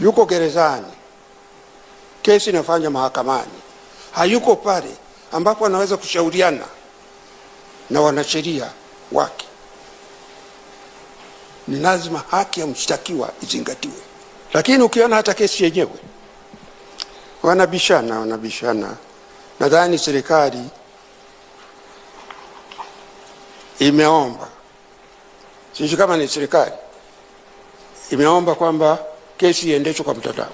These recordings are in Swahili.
yuko gerezani, kesi inafanywa mahakamani, hayuko pale ambapo anaweza kushauriana na wanasheria wake. Ni lazima haki ya mshtakiwa izingatiwe, lakini ukiona hata kesi yenyewe wanabishana, wanabishana. Nadhani serikali imeomba, sijui kama ni serikali imeomba kwamba kesi iendeshwe kwa mtandao,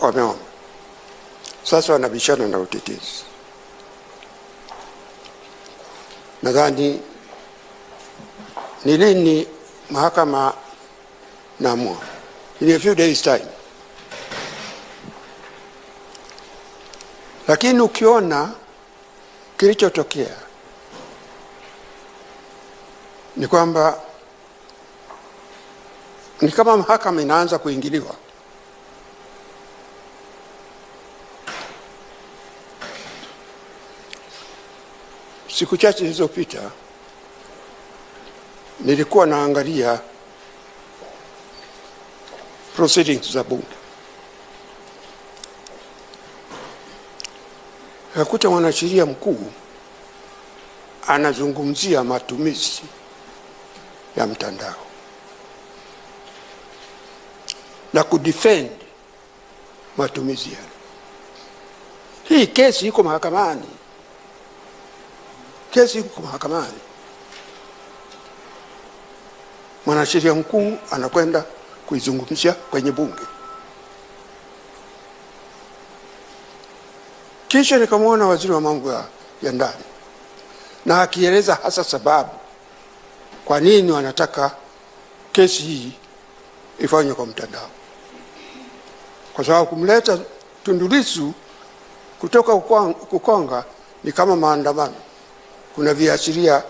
wameomba. Sasa wanabishana na utetezi. Nadhani ni lini mahakama naamua, in a few days time. Lakini ukiona kilichotokea ni kwamba ni kama mahakama inaanza kuingiliwa. Siku chache zilizopita nilikuwa naangalia proceedings za bunge, kakuta mwanasheria mkuu anazungumzia matumizi ya mtandao na kudefend matumizi yao Hii kesi iko mahakamani, kesi iko mahakamani. Mwanasheria mkuu anakwenda kuizungumzia kwenye bunge. Kisha nikamwona waziri wa mambo ya ndani na akieleza hasa sababu kwa nini wanataka kesi hii ifanywe kwa mtandao kwa sababu kumleta Tundu Lissu kutoka kukonga ni kama maandamano, kuna viashiria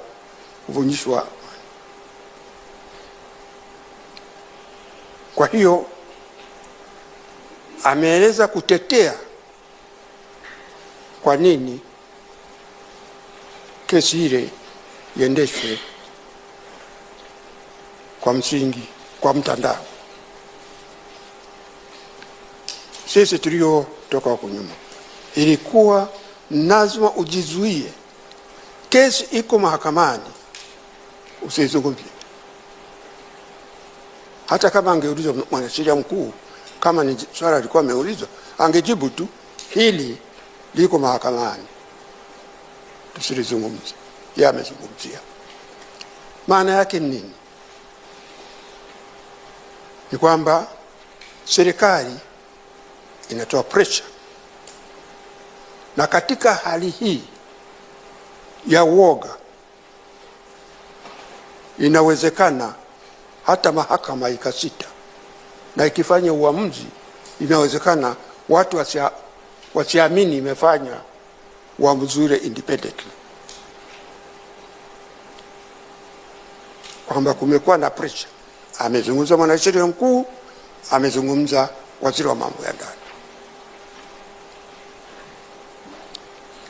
kuvunjishwa. Kwa hiyo ameeleza kutetea kwa nini kesi ile iendeshwe kwa msingi kwa mtandao. sisi tuliotoka huko nyuma, ilikuwa lazima ujizuie. Kesi iko mahakamani, usizungumzie. Hata kama angeulizwa mwanasheria mkuu, kama ni swala alikuwa ameulizwa, angejibu tu hili liko mahakamani, tusilizungumze. Yeye amezungumzia. Maana yake ni nini? Ni kwamba serikali inatoa pressure, na katika hali hii ya uoga inawezekana hata mahakama ikasita, na ikifanya uamuzi inawezekana watu wasia, wasiamini imefanya uamuzi ule independently, kwamba kumekuwa na pressure. Amezungumza mwanasheria mkuu, amezungumza waziri wa mambo ya ndani.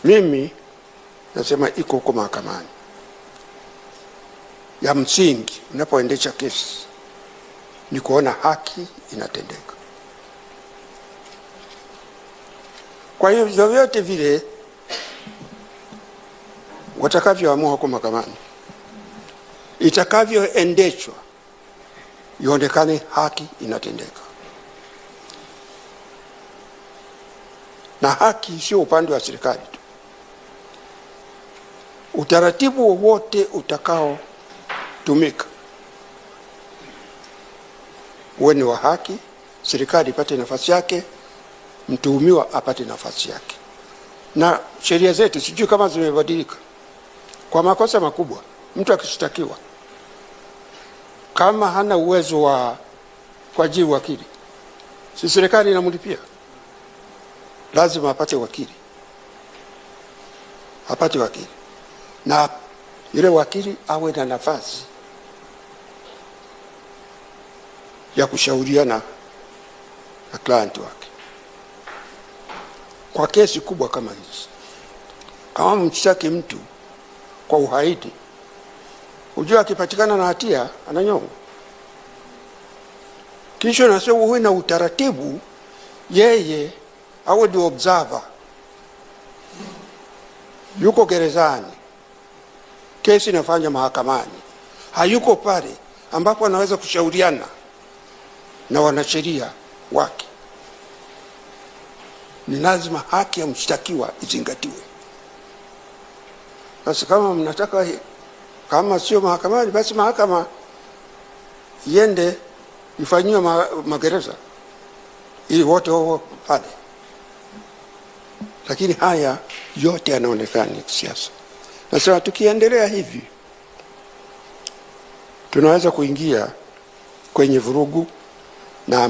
mimi nasema iko huko mahakamani. Ya msingi unapoendesha kesi ni kuona haki inatendeka. Kwa hiyo vyovyote vile watakavyoamua huko mahakamani, itakavyoendeshwa, ionekane haki inatendeka, na haki sio upande wa serikali utaratibu wowote utakaotumika uwe ni wa haki, serikali ipate nafasi yake, mtuhumiwa apate nafasi yake. Na sheria zetu sijui kama zimebadilika. Kwa makosa makubwa, mtu akishtakiwa kama hana uwezo wa kuajiri wakili, si serikali inamlipia? Lazima apate wakili, apate wakili na yule wakili awe na nafasi ya kushauriana na client wake kwa kesi kubwa kama hizi. Kama mshtaki mtu kwa uhaini, hujua akipatikana na hatia ananyongwa. Kisha nasema huwe na utaratibu, yeye awe ndio observer, yuko gerezani kesi inafanywa mahakamani, hayuko pale ambapo anaweza kushauriana na wanasheria wake. Ni lazima haki ya mshtakiwa izingatiwe. Basi kama mnataka, kama sio mahakamani, basi mahakama iende ifanyiwe ma, magereza ili wote wao pale, lakini haya yote yanaonekana ni siasa. Nasema tukiendelea hivi tunaweza kuingia kwenye vurugu na